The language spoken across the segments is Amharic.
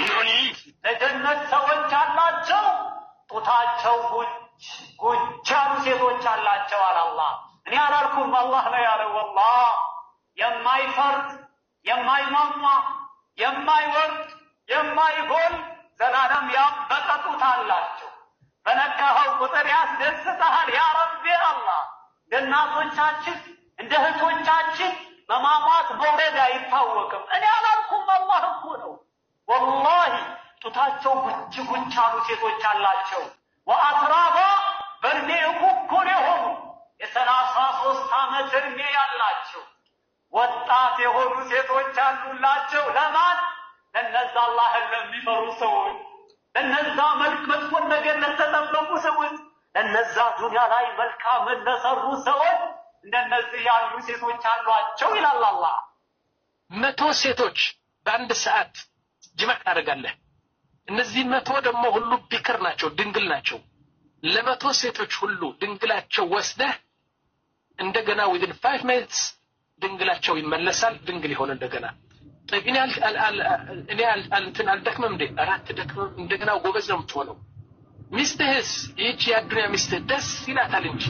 ይሁኒ ለጀነት ሰዎች አላቸው ጡታቸው ጉጅ ጉጅ ያሉ ሴቶች አላቸው አላላ እኔ አላልኩም፣ አላህ ነው ያለው። ወላ የማይፈርድ የማይማማ የማይወርድ የማይጎል ዘላለም ያበቀ ጡት አላቸው። በነካኸው ቁጥር ያስደስተሃል። ያ ረቢ አላ እንደ እናቶቻችን እንደ እህቶቻችን በማማት መውረድ አይታወቅም። እኔ አላልኩም ከእርሳቸው እጅጉን አሉ ሴቶች አላቸው። ወአትራባ በእድሜ እኩል የሆኑ የሰላሳ ሶስት ዓመት እድሜ ያላቸው ወጣት የሆኑ ሴቶች አሉላቸው። ለማን? ለነዛ አላህን ለሚፈሩ ሰዎች፣ ለነዛ መልክ መጥፎ ነገር ለተጠበቁ ሰዎች፣ ለነዛ ዱንያ ላይ መልካምን ለሰሩ ሰዎች እንደነዚህ ያሉ ሴቶች አሏቸው ይላል አላህ። መቶ ሴቶች በአንድ ሰዓት ጅማዕ ታደርጋለህ። እነዚህ መቶ ደግሞ ሁሉ ቢክር ናቸው፣ ድንግል ናቸው። ለመቶ ሴቶች ሁሉ ድንግላቸው ወስደህ እንደገና ዊድን ፋይቭ ሚኒትስ ድንግላቸው ይመለሳል። ድንግል ይሆን እንደገና እኔ አልደክመም እንዴ? አራት ደክምም እንደገና ጎበዝ ነው የምትሆነው። ሚስትህስ ይህች የአዱኒያ ሚስትህ ደስ ይላታል እንጂ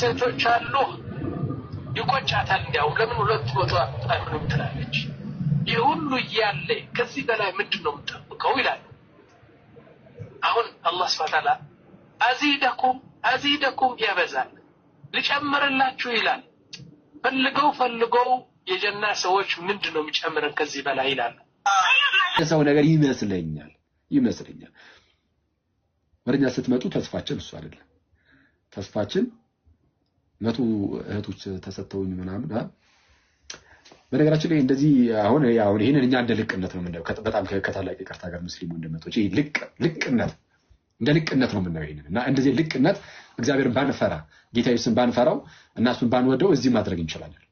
ሴቶች አሉ ይቆጫታል። እንዲያውም ለምን ሁለት ቦታ አይሆንም ትላለች። ይህ ሁሉ እያለ ከዚህ በላይ ምንድን ነው የምጠ አወቀው ይላሉ። አሁን አላህ ስብሐ ተዓላ አዚደኩም አዚደኩም ያበዛል ልጨምርላችሁ ይላል። ፈልገው ፈልገው የጀና ሰዎች ምንድን ነው የሚጨምረን ከዚህ በላይ ይላሉ። ሰው ነገር ይመስለኛል ይመስለኛል ወደኛ ስትመጡ ተስፋችን እሱ አይደለም። ተስፋችን መቶ እህቶች ተሰጥተውኝ ምናምን በነገራችን ላይ እንደዚህ አሁን አሁን ይህንን እኛ እንደ ልቅነት ነው የምናየው። በጣም ከታላቅ ይቅርታ ጋር ሙስሊም ወንድመቶች ይህ ልቅነት እንደ ልቅነት ነው የምናየው ይህንን እና እንደዚህ ልቅነት እግዚአብሔርን ባንፈራ ጌታ ኢየሱስን ባንፈራው እና እሱን ባንወደው እዚህ ማድረግ እንችላለን።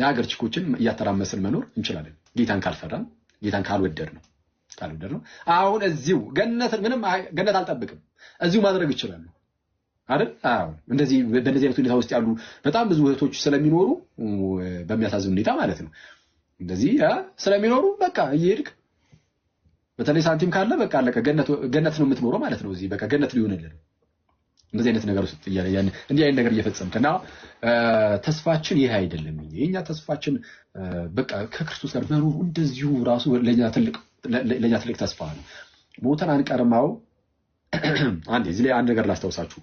የሀገር ችኮችን እያተራመስን መኖር እንችላለን። ጌታን ካልፈራን ጌታን ካልወደድ ነው ካልወደድ ነው። አሁን እዚሁ ገነት ምንም ገነት አልጠብቅም እዚሁ ማድረግ ይችላሉ። አይደል? አዎ። እንደዚህ በእንደዚህ አይነት ሁኔታ ውስጥ ያሉ በጣም ብዙ እህቶች ስለሚኖሩ በሚያሳዝን ሁኔታ ማለት ነው እንደዚህ ስለሚኖሩ በቃ እየሄድክ በተለይ ሳንቲም ካለ በቃ አለቀ፣ ገነት ነው የምትኖረው ማለት ነው። እዚህ በቃ ገነት ሊሆንልን እንደዚህ አይነት ነገር ውስጥ እያለ ያን እንዲህ አይነት ነገር እየፈጸምክ እና ተስፋችን ይሄ አይደለም። የኛ ተስፋችን በቃ ከክርስቶስ ጋር መኖር እንደዚሁ ራሱ ለኛ ትልቅ ተስፋ ነው። ሞተን አንቀርማው አንድ እዚህ ላይ አንድ ነገር ላስታውሳችሁ።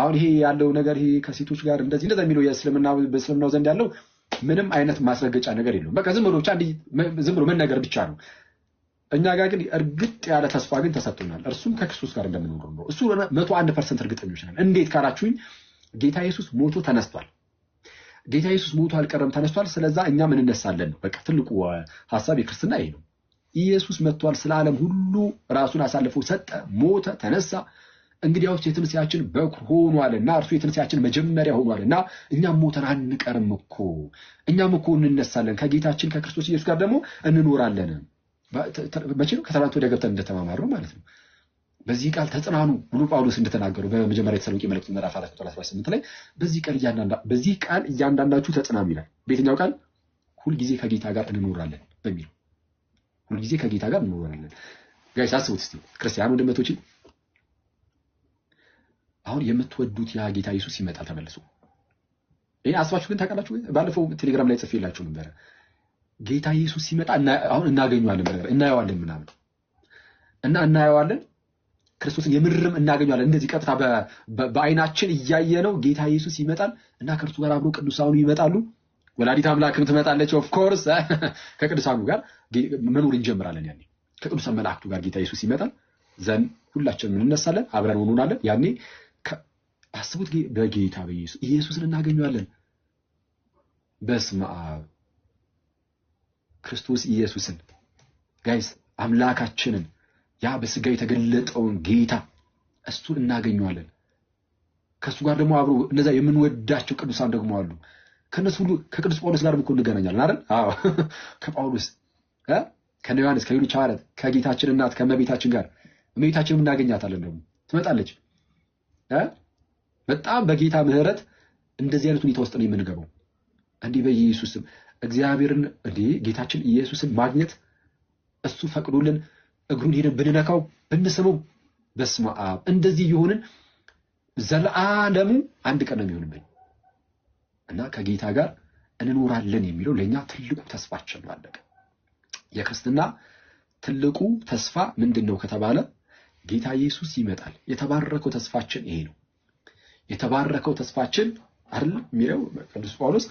አሁን ይሄ ያለው ነገር ይሄ ከሴቶች ጋር እንደዚህ እንደዛ የሚለው የእስልምና በእስልምናው ዘንድ ያለው ምንም አይነት ማስረገጫ ነገር የለውም። በቃ ዝም ብሎ ብቻ ዝም ብሎ መነገር ብቻ ነው። እኛ ጋር ግን እርግጥ ያለ ተስፋ ግን ተሰጥቶናል። እርሱም ከክርስቶስ ጋር እንደምንኖር ነው። እሱ መቶ አንድ ፐርሰንት እርግጠኞች ነን። እንዴት ካላችሁኝ ጌታ ኢየሱስ ሞቶ ተነስቷል። ጌታ ኢየሱስ ሞቶ አልቀረም፣ ተነስቷል። ስለዛ እኛም እንነሳለን ነው። በቃ ትልቁ ሀሳብ የክርስትና ይሄ ነው። ኢየሱስ መጥቷል፣ ስለ ዓለም ሁሉ ራሱን አሳልፎ ሰጠ፣ ሞተ፣ ተነሳ። እንግዲያውስ የትንሣኤያችን በኩር ሆኗልና እርሱ የትንሣኤያችን መጀመሪያ ሆኗልና እኛም ሞተን አንቀርም እኮ እኛም እኮ እንነሳለን፣ ከጌታችን ከክርስቶስ ኢየሱስ ጋር ደግሞ እንኖራለን። መቼ ነው? ከትናንት ወዲያ ገብተን እንደተማማሩ ማለት ነው። በዚህ ቃል ተጽናኑ ብሎ ጳውሎስ እንደተናገሩ በመጀመሪያ የተሰሎንቄ መልእክት ምዕራፍ 418 ላይ በዚህ ቃል እያንዳንዳችሁ ተጽናኑ ይላል። በየትኛው ቃል? ሁልጊዜ ከጌታ ጋር እንኖራለን በሚለው ሁልጊዜ ከጌታ ጋር እንኖራለን። ጋይስ አስቡት እስቲ ክርስቲያን ወንድመቶቼ፣ አሁን የምትወዱት ያ ጌታ ኢየሱስ ይመጣል ተመልሶ። ይሄን አስባችሁ ግን ታውቃላችሁ? ባለፈው ቴሌግራም ላይ ጽፌላችሁ ነበረ። ጌታ ኢየሱስ ሲመጣ አሁን እናገኘዋለን እናየዋለን ምናምን እና እናየዋለን ክርስቶስን የምርም እናገኘዋለን። እንደዚህ ቀጥታ በአይናችን እያየ ነው ጌታ ኢየሱስ ይመጣል እና ከእርሱ ጋር አብሮ ቅዱሳኑ ይመጣሉ። ወላዲት አምላክም ትመጣለች። ኦፍኮርስ ከቅዱሳኑ ጋር መኖር እንጀምራለን። ያኔ ከቅዱሳን መላእክቱ ጋር ጌታ ኢየሱስ ይመጣል ዘን ሁላችንም እንነሳለን፣ አብረን እንሆናለን። ያኔ አስቡት፣ በጌታ በኢየሱስ ኢየሱስን እናገኘዋለን። በስመ አብ ክርስቶስ ኢየሱስን ጋይስ አምላካችንን ያ በስጋ የተገለጠውን ጌታ እሱን እናገኘዋለን። ከእሱ ጋር ደግሞ አብሮ እነዛ የምንወዳቸው ቅዱሳን ደግሞ አሉ። ከነሱ ሁሉ ከቅዱስ ጳውሎስ ጋር እኮ እንገናኛለን አይደል? አዎ ከጳውሎስ ከነ ዮሐንስ ከሌሎች ሐዋርያት ከጌታችን እናት ከእመቤታችን ጋር እመቤታችን እናገኛታለን። ደግሞ ትመጣለች። በጣም በጌታ ምሕረት እንደዚህ አይነት ሁኔታ ውስጥ ነው የምንገባው። እንዲህ በኢየሱስ ስም እግዚአብሔርን እንዲህ ጌታችን ኢየሱስን ማግኘት እሱ ፈቅዶልን እግሩን ሄደን ብንነካው ብንስመው በስመ አብ እንደዚህ የሆንን ዘለዓለሙ አንድ ቀን ነው የሚሆንብን። እና ከጌታ ጋር እንኖራለን የሚለው ለእኛ ትልቁ ተስፋችን አለቀ። የክርስትና ትልቁ ተስፋ ምንድን ነው ከተባለ ጌታ ኢየሱስ ይመጣል። የተባረከው ተስፋችን ይሄ ነው። የተባረከው ተስፋችን አይደል የሚለው ቅዱስ ጳውሎስ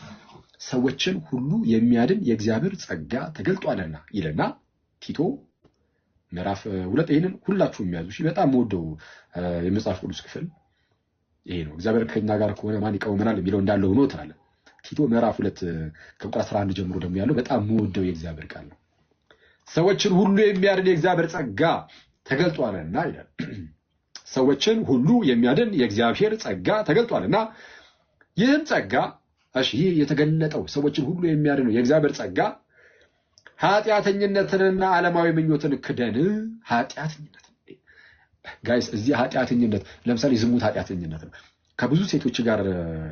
ሰዎችን ሁሉ የሚያድን የእግዚአብሔር ጸጋ ተገልጧልና ይለና ቲቶ ምዕራፍ ሁለት ይህንን ሁላችሁ የሚያዙ በጣም ወደው የመጽሐፍ ቅዱስ ክፍል ይሄ ነው። እግዚአብሔር ከኛ ጋር ከሆነ ማን ይቃወመናል የሚለው እንዳለ ሆኖ ትላለ። ቲቶ ምዕራፍ ሁለት ከቁጥር 11 ጀምሮ ደግሞ ያለው በጣም መወደው የእግዚአብሔር ቃል ነው። ሰዎችን ሁሉ የሚያድን የእግዚአብሔር ጸጋ ተገልጧልና ይላል። ሰዎችን ሁሉ የሚያድን የእግዚአብሔር ጸጋ ተገልጧልና ይህም ጸጋ እሺ፣ ይህ የተገለጠው ሰዎችን ሁሉ የሚያድነው የእግዚአብሔር ጸጋ ኃጢአተኝነትንና ዓለማዊ ምኞትን ክደን ኃጢአተኝነት ጋይስ እዚህ ኃጢአተኝነት ለምሳሌ ዝሙት ኃጢአተኝነት ነው። ከብዙ ሴቶች ጋር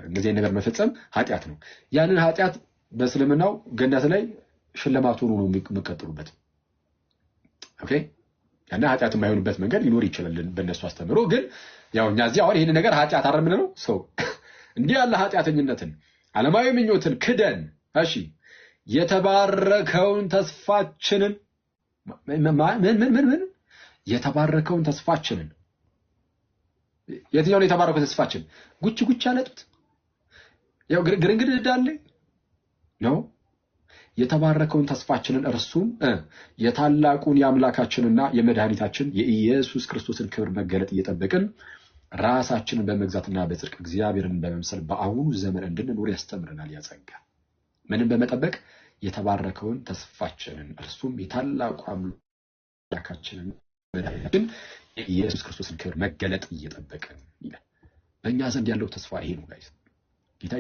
እንደዚህ ነገር መፈጸም ኃጢአት ነው። ያንን ኃጢአት በእስልምናው ገነት ላይ ሽልማት ሆኖ ነው የሚቀጥሉበት። ኦኬ ያንን ኃጢአት የማይሆንበት መንገድ ሊኖር ይችላል በእነሱ አስተምሮ። ግን ያው እኛ እዚህ አሁን ይህን ነገር ኃጢአት አረ ነው ሰው እንዲህ ያለ ኃጢአተኝነትን ዓለማዊ ምኞትን ክደን እሺ የተባረከውን ተስፋችንን ምን ምን ምን የተባረከውን ተስፋችንን የትኛውን የተባረከው ተስፋችን ጉች ጉች ያለጡት ያው ግርንግድ እንዳለ ነው። የተባረከውን ተስፋችንን እርሱም የታላቁን የአምላካችንና የመድኃኒታችን የኢየሱስ ክርስቶስን ክብር መገለጥ እየጠበቅን ራሳችንን በመግዛትና በጽድቅ እግዚአብሔርን በመምሰል በአሁኑ ዘመን እንድንኖር ያስተምረናል። ያጸጋ ምንም በመጠበቅ የተባረከውን ተስፋችንን እርሱም የታላቁ አምላካችንን መዳችን የኢየሱስ ክርስቶስን ክብር መገለጥ እየጠበቀ ይላል። በእኛ ዘንድ ያለው ተስፋ ይሄ ነው ጋይስ። ጌታ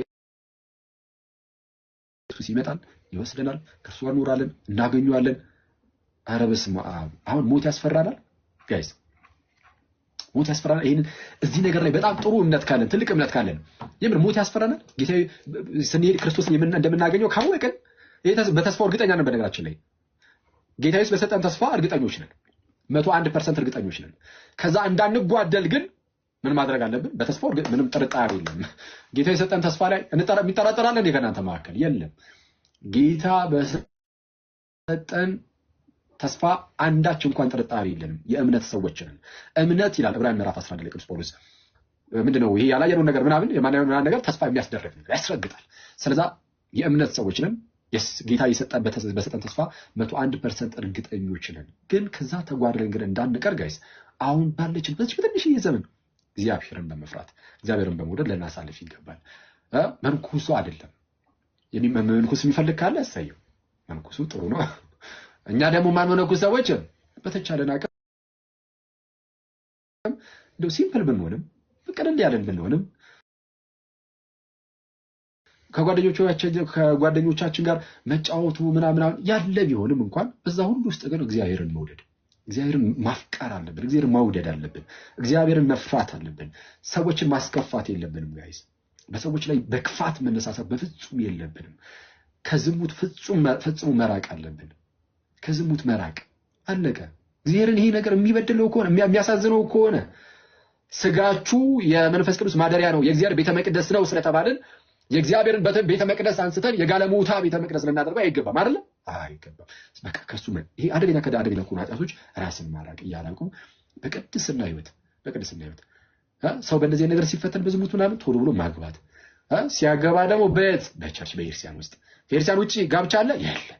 ኢየሱስ ይመጣል፣ ይወስደናል፣ ከእርሱ ጋር እንኖራለን፣ እናገኘዋለን። ኧረ በስመ አብ! አሁን ሞት ያስፈራናል ጋይስ፣ ሞት ያስፈራናል። ይሄን እዚህ ነገር ላይ በጣም ጥሩ እምነት ካለን ትልቅ እምነት ካለን የምር ሞት ያስፈራናል። ጌታ ስንሄድ ክርስቶስን እንደምናገኘው ካወቅን በተስፋው እርግጠኛ ነን። በነገራችን ላይ ጌታ ኢየሱስ በሰጠን ተስፋ እርግጠኞች ነን። መቶ አንድ ፐርሰንት እርግጠኞች ነን። ከዛ እንዳንጓደል ግን ምን ማድረግ አለብን? በተስፋው ምንም ጥርጣሬ የለም። ጌታ የሰጠን ተስፋ ላይ እንጠራጠራለን? ከእናንተ መካከል የለም። ጌታ በሰጠን ተስፋ አንዳች እንኳን ጥርጣሬ የለንም። የእምነት ሰዎች ነን። እምነት ይላል ዕብራውያን ምዕራፍ 11 ላይ ቅዱስ ጳውሎስ ምንድን ነው ይሄ ያላየነውን ነገር ምናምን የማናየውን ነገር ተስፋ የሚያስደርግ ነገር ያስረግጣል። ስለዛ የእምነት ሰዎች ነን። ጌታ የሰጠን በሰጠን ተስፋ መቶ አንድ ፐርሰንት እርግጠኞች ነን። ግን ከዛ ተጓድለን ግን እንዳንቀር ጋይስ አሁን ባለችን በዚች በትንሽዬ ዘመን እግዚአብሔርን በመፍራት እግዚአብሔርን በመውደድ ልናሳልፍ ይገባል። መንኩሱ አይደለም መንኩስ የሚፈልግ ካለ እሰየው፣ መንኩሱ ጥሩ ነው። እኛ ደግሞ ማንመነኩስ ሰዎች በተቻለን አቅም እንደው ሲምፕል ብንሆንም ፍቅር እንዲያለን ብንሆንም ከጓደኞቻችን ጋር መጫወቱ ምናምን ያለ ቢሆንም እንኳን በዛ ሁሉ ውስጥ ግን እግዚአብሔርን መውደድ እግዚአብሔርን ማፍቀር አለብን። እግዚአብሔርን ማውደድ አለብን። እግዚአብሔርን መፍራት አለብን። ሰዎችን ማስከፋት የለብንም። ጋይዝ በሰዎች ላይ በክፋት መነሳሳት በፍጹም የለብንም። ከዝሙት ፈጽሞ መራቅ አለብን። ከዝሙት መራቅ አለቀ። እግዚአብሔርን ይሄ ነገር የሚበድለው ከሆነ የሚያሳዝነው ከሆነ ስጋችሁ የመንፈስ ቅዱስ ማደሪያ ነው፣ የእግዚአብሔር ቤተ መቅደስ ነው ስለተባልን የእግዚአብሔርን ቤተ መቅደስ አንስተን የጋለሞታ ቤተ መቅደስ ልናደርገው አይገባም። አይደለም አይገባም። በቃ ከሱ ይሄ አደገኛ ከደ አደገኛ ከሆኑ ኃጢአቶች ራስን ማራቅ እያላቁ በቅድስና ህይወት በቅድስና ህይወት ሰው በእነዚህ ነገር ሲፈተን በዝሙት ምናምን ቶሎ ብሎ ማግባት ሲያገባ ደግሞ በት በቸርች በኤርሲያን ውስጥ ከኤርሲያን ውጭ ጋብቻ አለ የለም